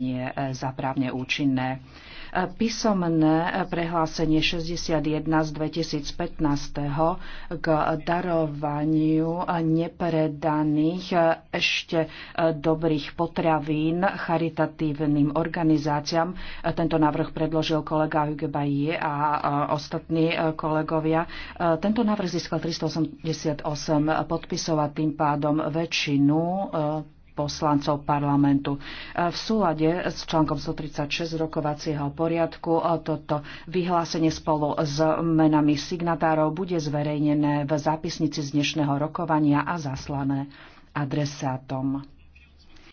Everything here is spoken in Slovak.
nie e, za právne účinné. E, písomné e, prehlásenie 61 z 2015 k darovaniu nepredaných ešte dobrých potravín charitatívnym organizáciám. Tento návrh predložil kolega Hugo a ostatní kolegovia. Tento návrh získal 388 podpisov a tým pádom väčšinu poslancov parlamentu. E, v súlade s článkom 136 rokovacieho poriadku e, toto vyhlásenie spolu s menami signatárov bude zverejnené v zápisnici z dnešného rokovania a zaslané adresátom.